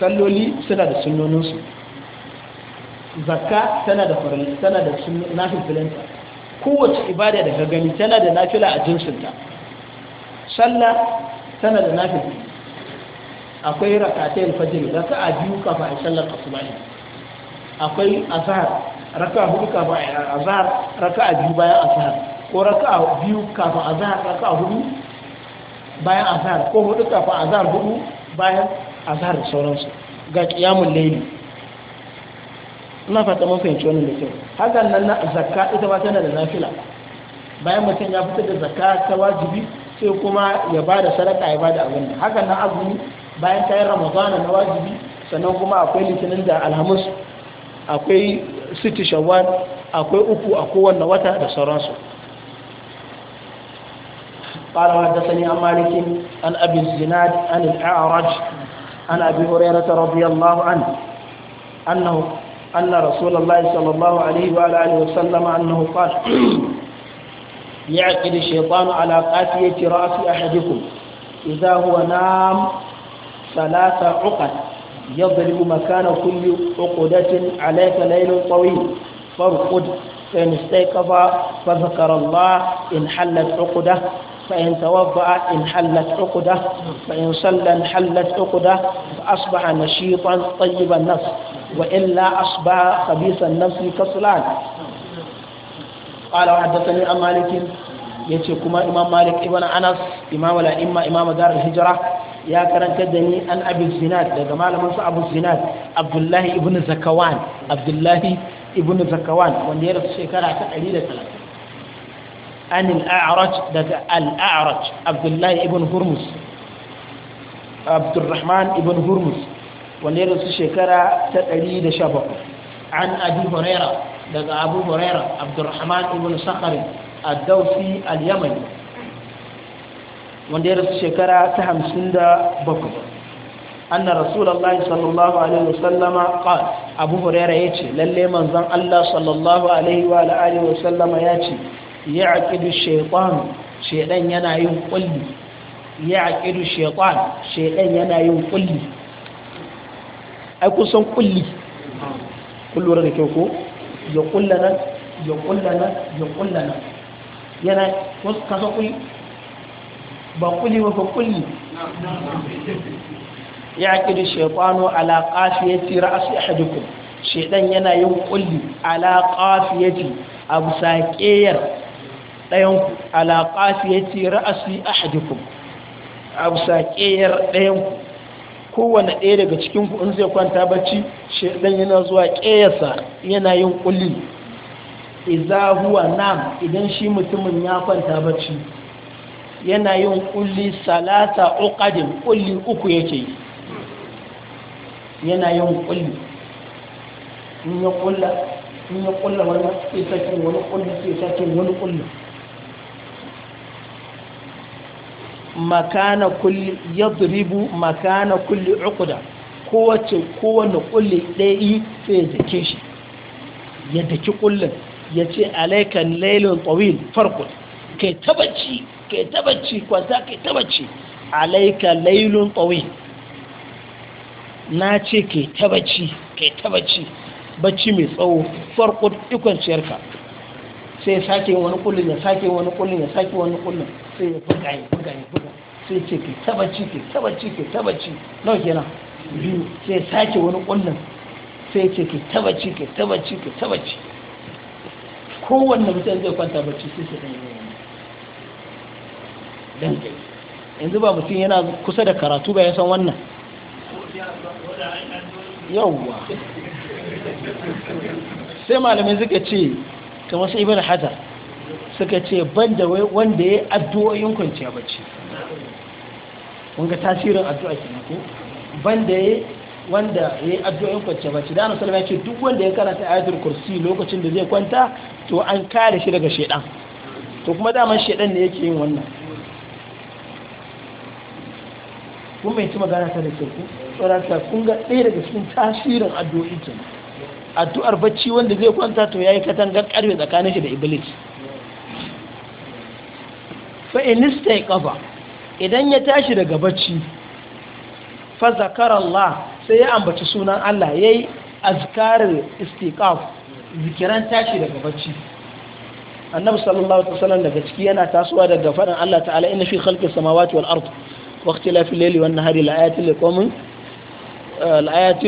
salloli suna da sunnoninsu zakka tana da farilla tana da filanta kowace ibada da ka gani tana da nafila a jinsinta sallah tana da nafila akwai rakatayn raka a biyu kafa a sallar asubahi akwai azhar a hudu kafa a azhar a biyu bayan azhar ko a biyu kafa azhar a hudu bayan azhar ko hudu kafa azhar hudu bayan azhar sauransu ga kiyamun layli ina fata mun fahimci wannan da kyau hakan nan na zakka ita ba tana da nafila bayan mutum ya fitar da zakka ta wajibi sai kuma ya ba da sadaka ya ba da abin da hakan nan azumi bayan kayan ramadana na wajibi sannan kuma akwai litinin da alhamis akwai siti shawwal akwai uku a kowanne wata da sauransu قال وحدثني عن مالك عن ابي الزناد عن الاعرج عن ابي هريره رضي الله عنه انه ان رسول الله صلى الله عليه واله وسلم انه قال يعقد الشيطان على قافيه راس احدكم اذا هو نام ثلاثة عقد يضرب مكان كل عقدة عليك ليل طويل فارقد فإن استيقظ فذكر الله إن حلت عقدة فإن توضأ انحلت عقدة فإن صلى انحلت عقدة فأصبح نشيطا طيب النفس وإلا أصبح خبيث النفس كسلان قال وحدثني عن مالك يتيكما إمام مالك ابن أنس إمام الأئمة إمام دار الهجرة يا كرنك دني أن أبي الزناد ده جمال منص أبو الزناد عبد الله ابن زكوان عبد الله ابن زكوان ونير الشيكارة تقليلة ثلاثة أن الأعرج ده الأعرج عبد الله ابن هرمز عبد الرحمن ابن هرمز ونير الشيكارة تقليلة شبك عن أبي هريرة ده أبو هريرة عبد الرحمن ابن صخر الدوسي اليمني wanda ya rasu shekara ta hamsin da bakwai anna rasulallah sallallahu alaihi wasallama qal abu ya ce lalle manzan Allah sallallahu alaihi wa alihi wasallama ya ya'qidu shaytan shaydan yana yin kulli ya ya'qidu shaytan shaydan yana yin kulli ai kusan kulli kullura da kyau ko ya kullana ya kullana ya kullana yana kasa kulli ba kuli ba kuli ya kiri shekwano ya kafiyati ra'asu hadukun shedan yana yin kulli ala kafiyati abu saƙeyar ɗayanku ya kafiyati ra'asu ahadukum abu saƙeyar ɗayanku kowane ɗaya daga cikinku in zai kwanta bacci shedan yana zuwa ƙeyarsa yana yin kulli izahuwa nam idan shi mutumin ya kwanta bacci yana yin kulli salata uqadin kulli uku yake yana yin kulli ya kulla ya kulla wani sai sakin wani kulli sai sakin wani kulli makana kulli yadribu makana kulli uqda kowace kowane kulli ɗaya sai zake shi ya daki kullin ya ce laylun tawil farqu kai tabbaci kai tabbaci bacci kwanta kai tabbaci alaika lailun tawil na ce kai tabbaci ke kai bacci mai tsawo farko ciyarka sai sake wani kullum ya sake wani kullum ya sake wani kullum sai ya buga ya buga ya buga sai ce kai tabbaci ke kai ke tabbaci kai ta bacci nawa biyu sai sake wani kullum sai ce ke tabbaci ke tabbaci ke tabbaci kowanne mutum zai kwanta bacci sai su ɗanyi dangane yanzu ba mutum yana kusa da karatu ba ya san wannan yauwa sai malamai suka ce ta sai ibn hajar suka ce ban da wanda ya addu'o'in kwanciya bacci wanda tasirin addu'a ke ko ban da ya wanda ya yi addu'o'in kwanciya bacci da annabi ya ce duk wanda ya karanta ayatul kursi lokacin da zai kwanta to an kare shi daga shaidan, to kuma daman shaidan ne yake yin wannan kun mai ci magana ta da kyau ta kun ga ɗaya daga cikin tasirin addu'o'i ke addu'ar bacci wanda zai kwanta to yi katangar karfe tsakanin shi da iblis fa inista ya kafa idan ya tashi daga bacci fa zakarallah sai ya ambaci sunan Allah yayi azkarar istiqaf zikiran tashi daga bacci annabi sallallahu alaihi wasallam daga ciki yana tasowa daga faɗin Allah ta'ala inna fi khalqis samawati wal ardh واختلاف الليل والنهار لآيات لقوم الآيات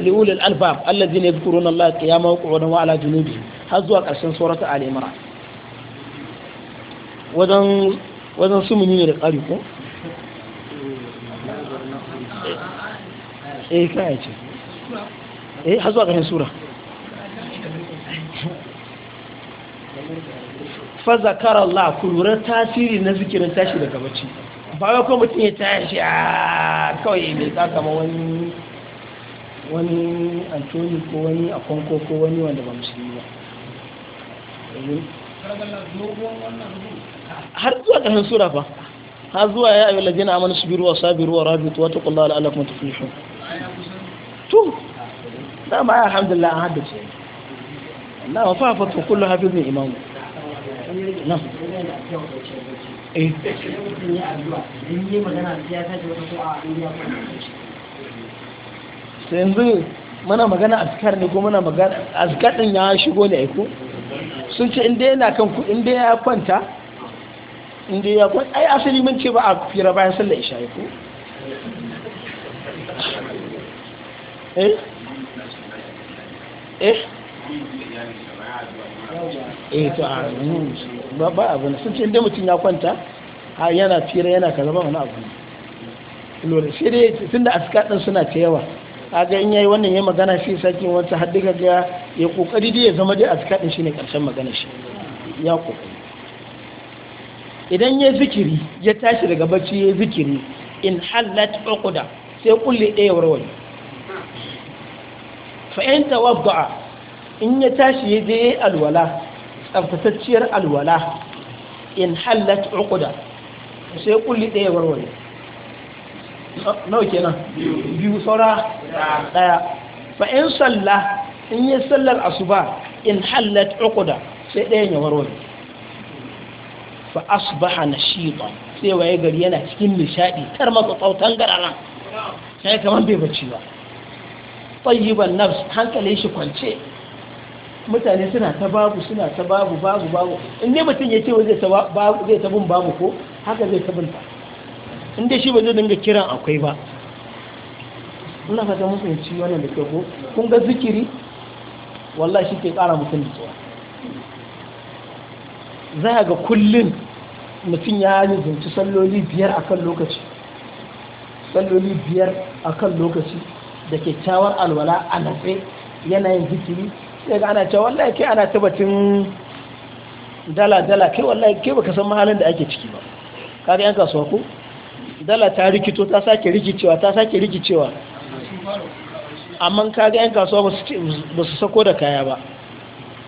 لأولي الألباب الذين يذكرون الله قياما وقعودا وعلى جنوبهم هزوا قرشن سورة آل عمران wajen wajen su muni ne da ƙari ko? eh kayan ce e har zuwa ƙarshen sura fa zakara Allah tasiri na zikirin tashi daga bacci ba ko mutum ya tashi a ah, kawai mai kama wani wani antoni ko wani akonko ko wani wanda ba musulmi ba har zuwa ƙarshen sura fa har zuwa ya yi ayyul ladina amanu subiru wa sabiru wa rabitu wa taqullaha la'allakum tuflihun to na ma alhamdulillah an haddace na ma fa fa hafi zai imamu na Eh. yanzu mana magana azkar ne ko mana magana azkar din ya shigo ne aiko? sun ce inda yana kan ku inda ya kwanta inda ya kwanta ai asali mun ce ba a fira bayan sallar isha aiko. eh eh eh to a ah, ba ba abin sun ce inda mutum ya kwanta a yana fira yana kaza zama wani abu lura sai dai tunda aska suna ta yawa kaga in yayi wannan yayi magana shi sakin wata haddi ga ya kokari dai ya zama dai aska shi shine karshen magana shi ya kokari idan ya zikiri ya tashi daga bacci ya zikiri in halat uqda sai kulli ɗaya warware fa in tawadda in ya tashi ya je alwala tsaftatacciyar alwala in hallat uquda sai kulli ɗaya warware nawa kenan biyu saura ɗaya fa in salla in yi sallar asuba in hallat uquda sai ɗayan ya warware fa asbaha nashiba sai waye gari yana cikin nishadi tar masa tsautan gararan sai kamar bai bacci ba tayyiban nafs hankalin shi kwance mutane suna ta babu suna ta babu babu babu in mutum ya ce zai ta bin babu ko haka zai ta binta in dai shi ba zai dinga kiran akwai ba ina fata ya ci wannan da ke ko kun ga zikiri wallah shi ke kara mutum da tsawa za ga kullum mutum ya yi zunci salloli biyar kan lokaci salloli biyar kan lokaci da kyakkyawar alwala a natse yanayin zikiri sai ga ana cewa wallahi kai ana tabbatin dala dala kai wallahi kai baka san mahalin da ake ciki ba kaga yan kasuwa ko dala ta rikito ta sake rikicewa ta sake rikicewa amma kaga yan kasuwa ba su sako da kaya ba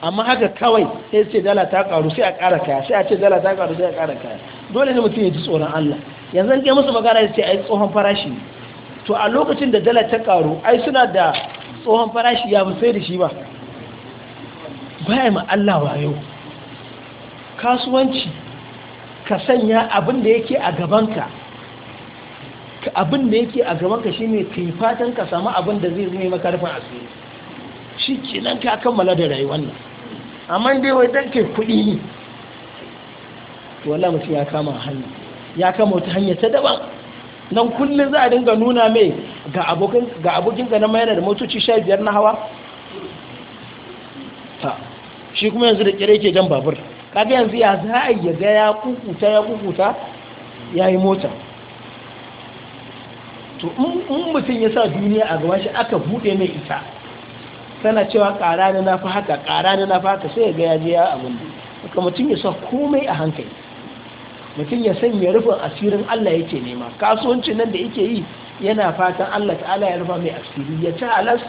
amma haka kawai sai ce dala ta karu sai a kara kaya sai a ce dala ta karu sai a kara kaya dole ne mutum ya ji tsoron Allah yanzu an kai musu magana ya ce ai tsohon farashi to a lokacin da dala ta karu ai suna da tsohon farashi ya fi sai da shi ba baya ma Allah wayo kasuwanci ka sanya abin da yake a gabanka abin da yake a gabanka ka yi fatan ka samu abin da zai zama maka rufin asiri shi kenan ka kammala da rayuwar nan amma dai wai dan kai kuɗi ne to wallahi mutum ya kama hannu. ya kama wata hanya ta daban nan kullum za a dinga nuna mai ga abokin ga abokin ga na mayar da motoci 15 na hawa ta shi kuma yanzu da kira ke jan babur kaga yanzu ya za a yi ga ya kukuta ya kukuta ya yi mota to in mutum ya sa duniya a gaban shi aka buɗe mai ita tana cewa ƙara ne na fi haka ƙara ne na fi haka sai ga ya je ya abin da ka mutum ya sa komai a hankali mutum ya san ya rufin asirin Allah yake nema kasuwancin nan da yake yi yana fatan Allah ta'ala ya rufa mai asiri ya ci halas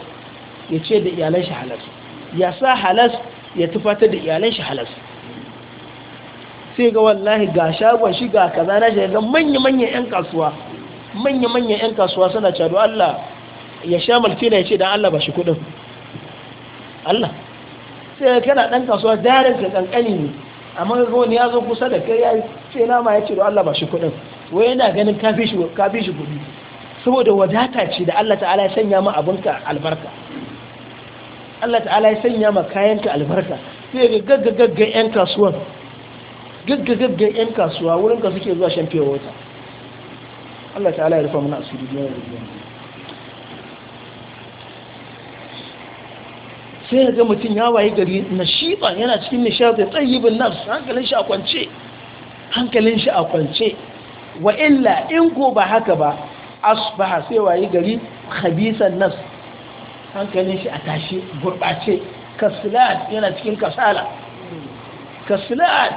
ya ce da iyalan shi halas ya sa halas ya tufatar da iyalan shi halas sai ga wallahi ga shagon shi ga kaza na shi ga manya-manyan 'yan kasuwa manya-manyan 'yan kasuwa suna cado Allah ya sha na ya ce dan Allah ba shi kudin Allah sai kana dan kasuwa darin ka kankani ne amma ga wani ya zo kusa da kai ya ce nama ya ce don Allah ba shi kudin wai yana ganin ka fi shi kudi saboda wadata ce da Allah ta'ala ya sanya ma abinka albarka Allah ta'ala ya sanya ma kayanka albarka sai ga gaggagagga 'yan kasuwan gaggagagga 'yan kasuwa wurin ka suke zuwa shan fiye wata Allah ta'ala ya rufa mana asiri biyar da biyar sai ga mutum ya waye gari na nashiba yana cikin nishadi tsayibin nafs hankalin shi a kwance hankalin shi a kwance wa illa in ko ba haka ba asbaha sai waye gari khabisan nafs hankalin shi a tashi gurɓace kasulat yana cikin kasala kasulat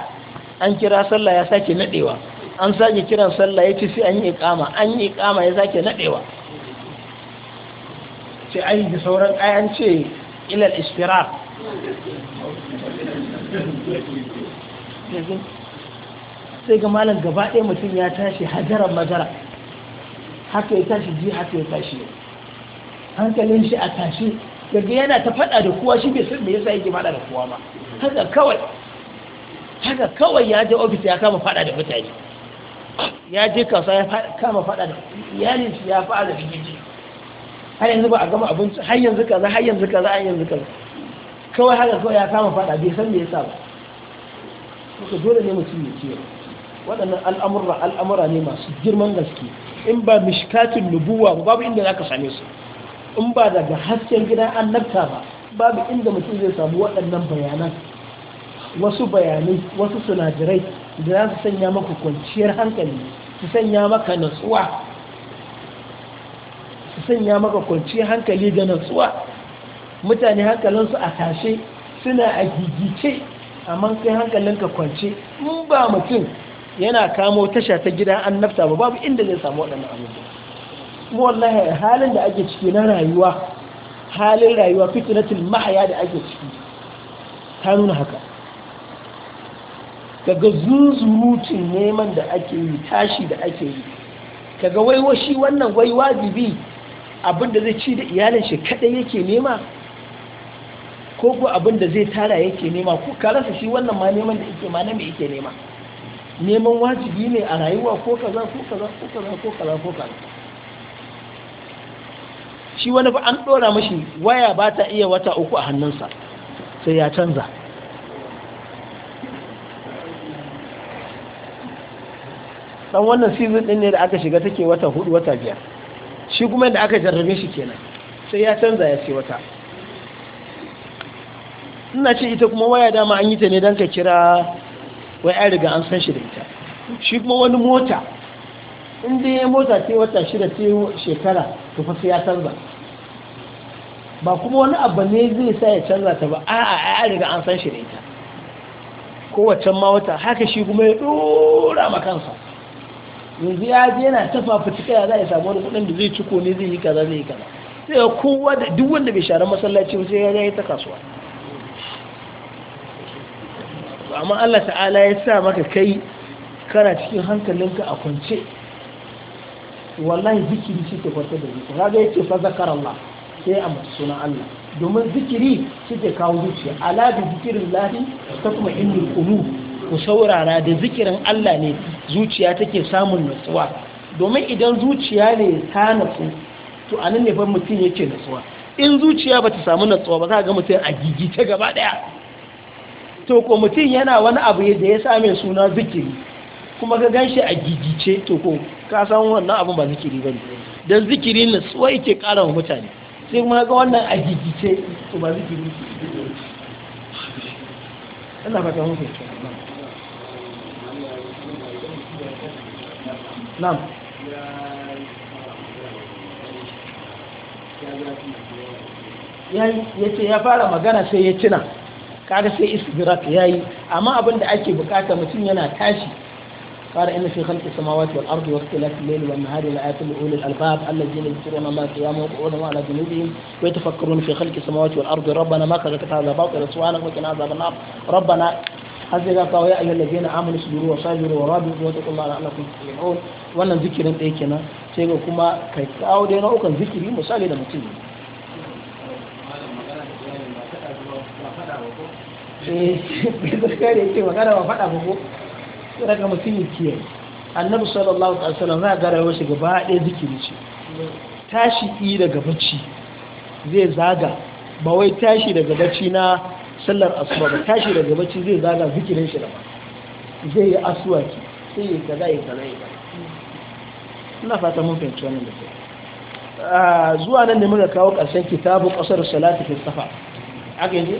an kira sallah ya sake nadewa an sake kiran sallah ya ci sai an yi ikama an yi ikama ya sake nadewa sai ai da sauran ayan ce ilal istirar sai ga malam gaba ɗaya mutum ya tashi hajaran madara haka ya tashi ji haka ya tashi hankalin shi a tashi daga yana ta fada da kuwa, shi bai san me yasa yake fada da kuwa ba haka kawai haka kawai ya je ofis ya kama fada da mutane ya je kasuwa ya kama fada da iyalin shi ya fada da rikici har yanzu ba a gama abinci har yanzu kaza har yanzu kaza har yanzu kaza kawai haka kawai ya kama fada bai san me yasa ba kuka dole ne mutum ya kiyaye waɗannan al'amura al'amura ne masu girman gaske in ba mishkatin nubuwa babu inda za ka same su in ba daga hasken gida an nafta ba babu inda mutum zai samu waɗannan bayanan wasu bayanai wasu sinadarai da za su sanya maka kwanciyar hankali su sanya maka natsuwa su sanya maka kwanciyar hankali da natsuwa mutane hankalinsu a tashe suna a gigice amma kai hankalinka kwance in ba mutum yana kamo tasha ta gida an nafta ba babu inda zai samu waɗannan abubuwa kuma wallahi halin da ake ciki na rayuwa halin rayuwa fitnatul mahya da ake ciki ta nuna haka kaga zunzurutun neman da ake yi tashi da ake yi kaga waiwa shi wannan wai wajibi abinda zai ci da iyalin shi kadai yake nema ko ko abinda zai tara yake nema ko karasa shi wannan ma neman da yake ma na me yake nema neman wajibi ne a rayuwa ko kaza ko kaza ko kaza ko kaza ko kaza shi wani fa an ɗora mashi waya ba ta iya wata uku a hannunsa sai ya canza dan wannan season din ne da aka shiga take wata hudu wata biyar shi kuma da aka jarrabe shi kenan sai ya canza ya ce wata ina ce ita kuma waya dama an yi ta ne don ka kira wai an riga an san shi da ita shi kuma wani mota in dai ya mota ce wata shida ce shekara to fa ya canza ba kuma wani abu ne zai sa ya canza ta ba a'a a riga an san shi da ita kowace ma wata haka shi kuma ya dora ma kansa yanzu ya je yana tafa fitika ya za a samu wani kudin da zai ciko ne zai yi kaza zai yi kaza sai kowa da duk wanda bai share masallaci ba sai ya yi ta kasuwa amma Allah ta'ala ya sa maka kai kana cikin hankalinka a kwance wallahi zikiri shi ke kwantar da zuciya kaga yake fa zakar Allah sai a mutu suna Allah domin zikiri shi kawo zuciya ala bi zikirin lahi ta kuma indul kunu ku saurara da zikirin Allah ne zuciya take samun nutsuwa domin idan zuciya ne ta nutsu to anan ne fa mutum yake nutsuwa in zuciya ba ta samu nutsuwa ba za ga mutum a ta gaba daya to ko mutum yana wani abu da ya same suna zikiri kuma ka ganshi a gigice to ko ka san wannan abin ba zikiri bane dan zikiri zikiri su yake ke wa mutane sai kuma ga wannan a gigice to ba zikiri Allah ba ta mu na'am ya ce ya fara magana sai ya cina kaga sai isbirat ya yi amma abin da ake bukata mutum yana tashi قال إن في خلق السماوات والأرض واختلاف الليل والنهار لآيات لأولي الألباب الذين يذكرون الله قياما وقعودا وعلى جنوبهم ويتفكرون في خلق السماوات والأرض ربنا ما خلقت هذا باطلا سبحانك وقنا عذاب النار ربنا حسنا قال يا أيها الذين آمنوا اصبروا وصابروا ورابطوا واتقوا الله لعلكم تفلحون وأنا ذكر أنت كنا سيقول كما كيتاو دينا وكان ذكر مصالي لمتين eh bai zarkare ce magana ba faɗa sai ga mutum ya kiyaye annabi sallallahu alaihi wasallam za ga rayuwar shi gaba ɗaya zikiri ce tashi yi daga bacci zai zaga ba wai tashi daga bacci na sallar asuba ba tashi daga bacci zai zaga zikirin shi da ba zai yi asuwaki sai yi kaza yi kaza yi kaza ina fata mun fahimci wannan da kai zuwa nan ne muka kawo ƙarshen kitabu ƙasar salati fi safa aka yi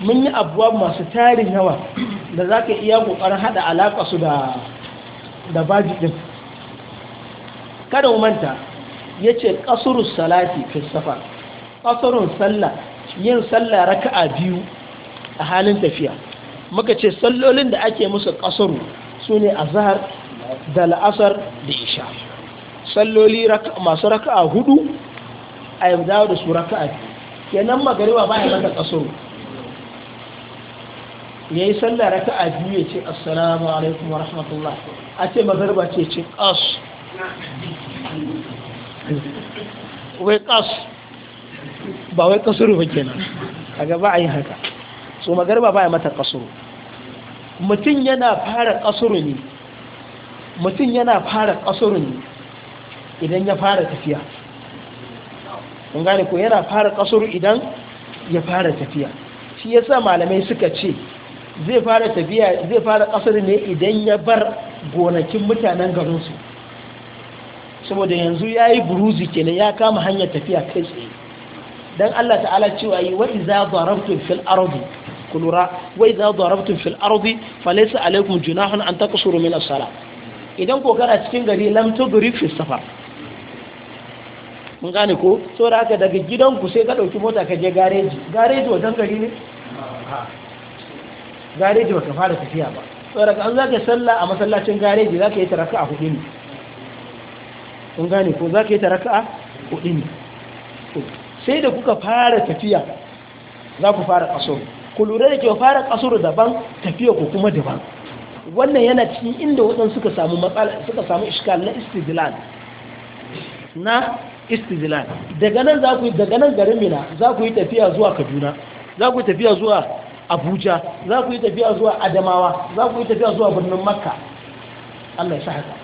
mun yi abuwa masu tarin yawa da za ka iya ƙoƙarin haɗa alaƙa su da ba ɗin kada manta ya ce ƙasurus salati kristofa ƙasurun sallah yin sallah raka'a biyu a halin tafiya muka ce sallolin da ake musu ƙasuru su ne a zahar da la'asar da isha salloli masu raka'a hudu a yabda da su raka'a kenan magariwa ba ya mata ƙasuru ya yi sallah raka a biyu ya ce assalamu alaikum wa rahmatullah a ce mazarba ce ce ƙas wai ƙas ba wai kasuru ba kenan a gaba a yi haka so magarba ba ya mata kasuru mutum yana fara kasuru ne mutum yana fara kasuru ne idan ya fara tafiya kun gane ko yana fara kasuru idan ya fara tafiya shi yasa malamai suka ce zai fara tafiya zai fara kasar ne idan ya bar gonakin mutanen garinsu saboda yanzu ya yi buruzi kenan ya kama hanyar tafiya kai tsaye don Allah ta'ala cewa yi wa iza zarabtun fil ardi ku lura wa iza zarabtun fil ardi fa laysa alaykum junahun an taqsuru min asala idan ko cikin gari lam gari fi safar mun gane ko saboda haka daga gidanku sai ka dauki mota ka je gareji gareji wajen gari ne gareji baka fara tafiya ba daga an zaka sallah a masallacin gareji zaka yi taraka a hudu ne kun gane ko zaka yi taraka a hudu ne sai da kuka fara tafiya za ku fara kaso ku lura da ke fara kasuru daban tafiya ku kuma daban wannan yana cikin inda wadan suka samu matsala suka samu iskal na istidlal na istidlal daga nan za ku daga nan garin Mina za ku yi tafiya zuwa Kaduna za ku yi tafiya zuwa abuja za ku yi tafiya zuwa adamawa za ku yi tafiya zuwa birnin makka allah ya sahaka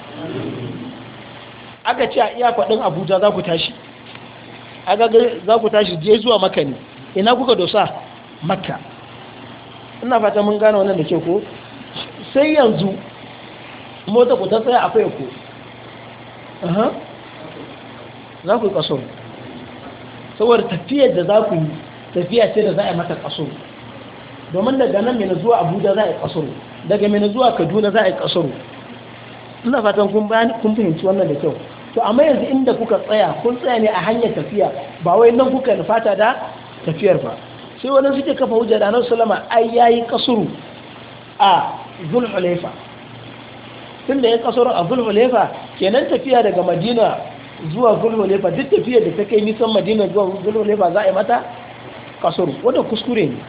aka ce a iya faɗin abuja za ku tashi aka za ku tashi je zuwa makka ne ina kuka dosa makka ina fata mun gane wannan da ke ko sai yanzu mota ku ta tsaya a fayo ku za ku yi kaso saboda tafiyar da za ku yi tafiya ce da za a yi mata kaso domin daga nan mai zuwa abuja za a yi kasoro, daga mai zuwa kaduna za a yi kasoro, ina fatan kun fahimci wannan da kyau to amma yanzu inda kuka tsaya kun tsaya ne a hanyar tafiya ba wai nan kuka fata da tafiyar ba sai wani suke kafa hujjar da salama sallama ai yi kasuru a Zulhulefa, tun da ya kasuru a Zulhulefa, kenan tafiya daga madina zuwa Zulhulefa, duk tafiyar da ta kai nisan madina zuwa Zulhulefa za a yi mata kasuru wanda kuskure ne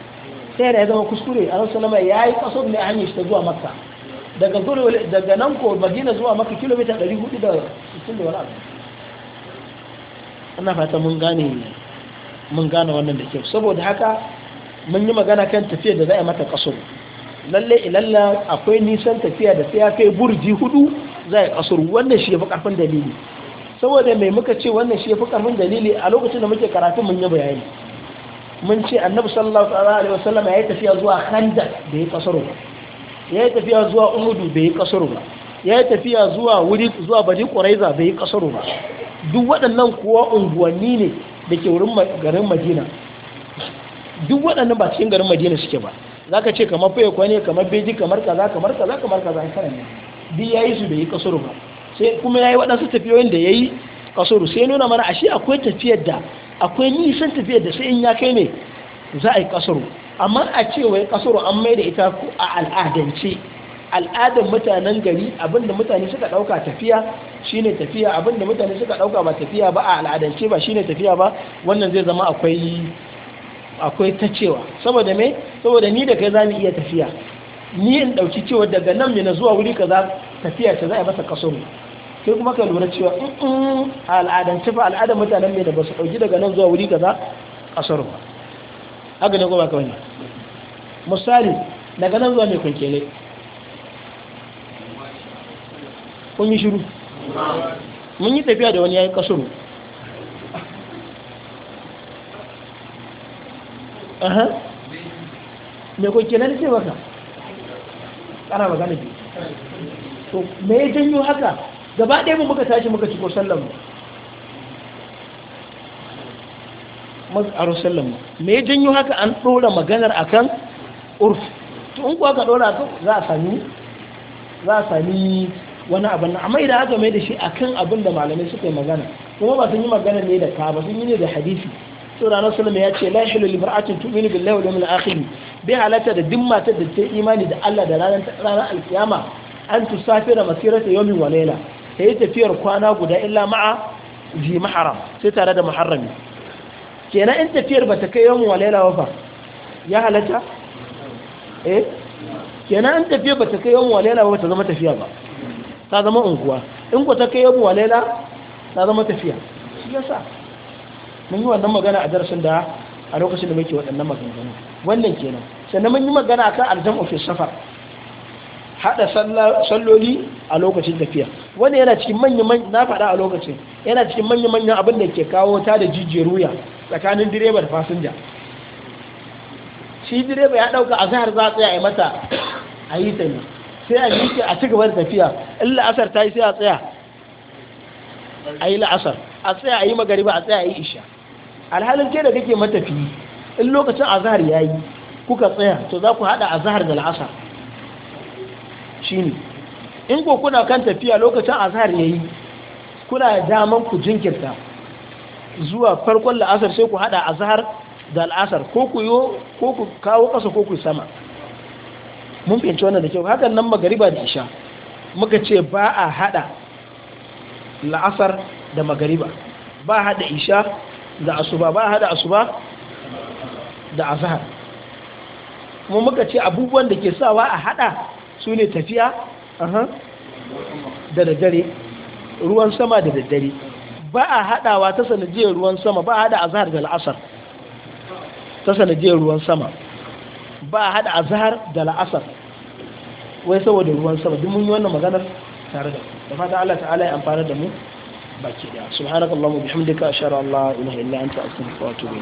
sai da ya zama kuskure a rasu lama ya yi kaso ne hanyar shi ta zuwa makka daga daga nan ko madina zuwa makka kilomita 460 da 60 da wani ana fata mun gane mun gane wannan da kyau saboda haka mun yi magana kan tafiya da za a mata kaso lalle ilalla akwai nisan tafiya da sai ya kai burji hudu za a kaso wannan shi ya fi karfin dalili saboda mai muka ce wannan shi ya fi karfin dalili a lokacin da muke karatun mun yi bayani mun ce annabi sallallahu alaihi wasallam ya yi tafiya zuwa khandak da ya kasaro ba ya yi tafiya zuwa uhudu da ya kasaro ba ya yi tafiya zuwa wuri zuwa bani quraiza da ya kasaro ba duk waɗannan kuwa unguwanni ne da ke wurin garin madina duk waɗannan ba cikin garin madina suke ba za ka ce kamar faye kwane kamar beji kamar kaza kamar kaza kamar kaza in kana ne bi ya yi su bai yi kasaro ba sai kuma ya yi waɗansu tafiyoyin da ya yi kasaro sai nuna mana ashe akwai tafiyar da akwai nisan tafiyar da sai in ya kai ne za a yi kasaro amma a cewa kasaro an mai da ita ko a al'adance al'adar mutanen gari abinda mutane suka dauka tafiya shine tafiya abinda mutane suka dauka ba tafiya ba a al'adance ba shine tafiya ba wannan zai zama akwai akwai ta cewa saboda me saboda ni da kai zamu iya tafiya ni in dauki cewa daga nan ne na zuwa wuri kaza tafiya ta za a masa kasoro. sai kuma ka lura cewa a al'adance fa al'adar mutanen mai da ba su ɗauki daga nan zuwa wuri kaza tsoro ba haka ne kuma ka wani misali daga nan zuwa mai kwankele kun yi shiru mun yi tafiya da wani yayin kasuru aha mai kwankele da ce baka ƙara magana biyu to me ya janyo haka gaba ɗaya mu muka tashi muka ciko sallan mu sallan mu me ya janyo haka an ɗora maganar akan urf to in kuwa ka ɗora ka za a sami za a sami wani abin nan amma idan aka mai da shi akan abin da malamai suka yi magana kuma ba sun yi magana ne da ka ba sun yi ne da hadisi to ranar salama ya ce la shilu liber'atin tu'minu billahi wal yawmil akhir bi halatta da duk matar da ta imani da Allah da ranar ranar alkiyama an da masirata yawmin wa layla ta yi tafiyar kwana guda illa ma'a ji maharam sai tare da maharami kenan in tafiyar ba ta kai yawon walaila wafa ya halatta eh kenan in tafiyar ba ta kai yawon walaila ba ta zama tafiya ba ta zama unguwa in ku ta kai yawon walaila ta zama tafiya shi yasa mun yi wannan magana a darasin da a lokacin da muke waɗannan maganganu wannan kenan sannan mun yi magana akan aljam'u fi safar hada salloli a lokacin tafiya wanda yana cikin manya-manya na faɗa a lokacin yana cikin manya-manyan abin da ke kawo ta da jijiyar wuya tsakanin direba da fasinja shi direba ya ɗauka a zahar za a tsaya a mata a ta ne sai a yi a cigaba da tafiya in la'asar ta yi sai a tsaya a yi la'asar a tsaya a yi magariba a tsaya a isha alhalin ke da kake matafi in lokacin azahar ya yi kuka tsaya to za ku haɗa azahar da la'asar ne in ko kuna kan tafiya lokacin azhar yayi kuna daman ku jinkirta zuwa farkon la'asar sai ku hada azhar da al'asar ko ku yo ko ku kawo kasa ko ku sama mun fahimci wannan da kyau hakan nan magariba da isha muka ce ba a hada la'asar da magariba ba a hada isha da asuba ba hada asuba da azhar kuma muka ce abubuwan da ke sawa a hada su ne tafiya da daddare ruwan sama da daddare ba a haɗawa ta sanadiyar ruwan sama ba a haɗa azhar da la'asar ta sanadiyar ruwan sama ba a haɗa azhar da la'asar wai saboda ruwan sama duk mun yi wannan maganar tare da da fata Allah ta'ala ya amfana da mu baki da subhanakallahumma bihamdika ashhadu an la ilaha illa anta astaghfiruka wa atubu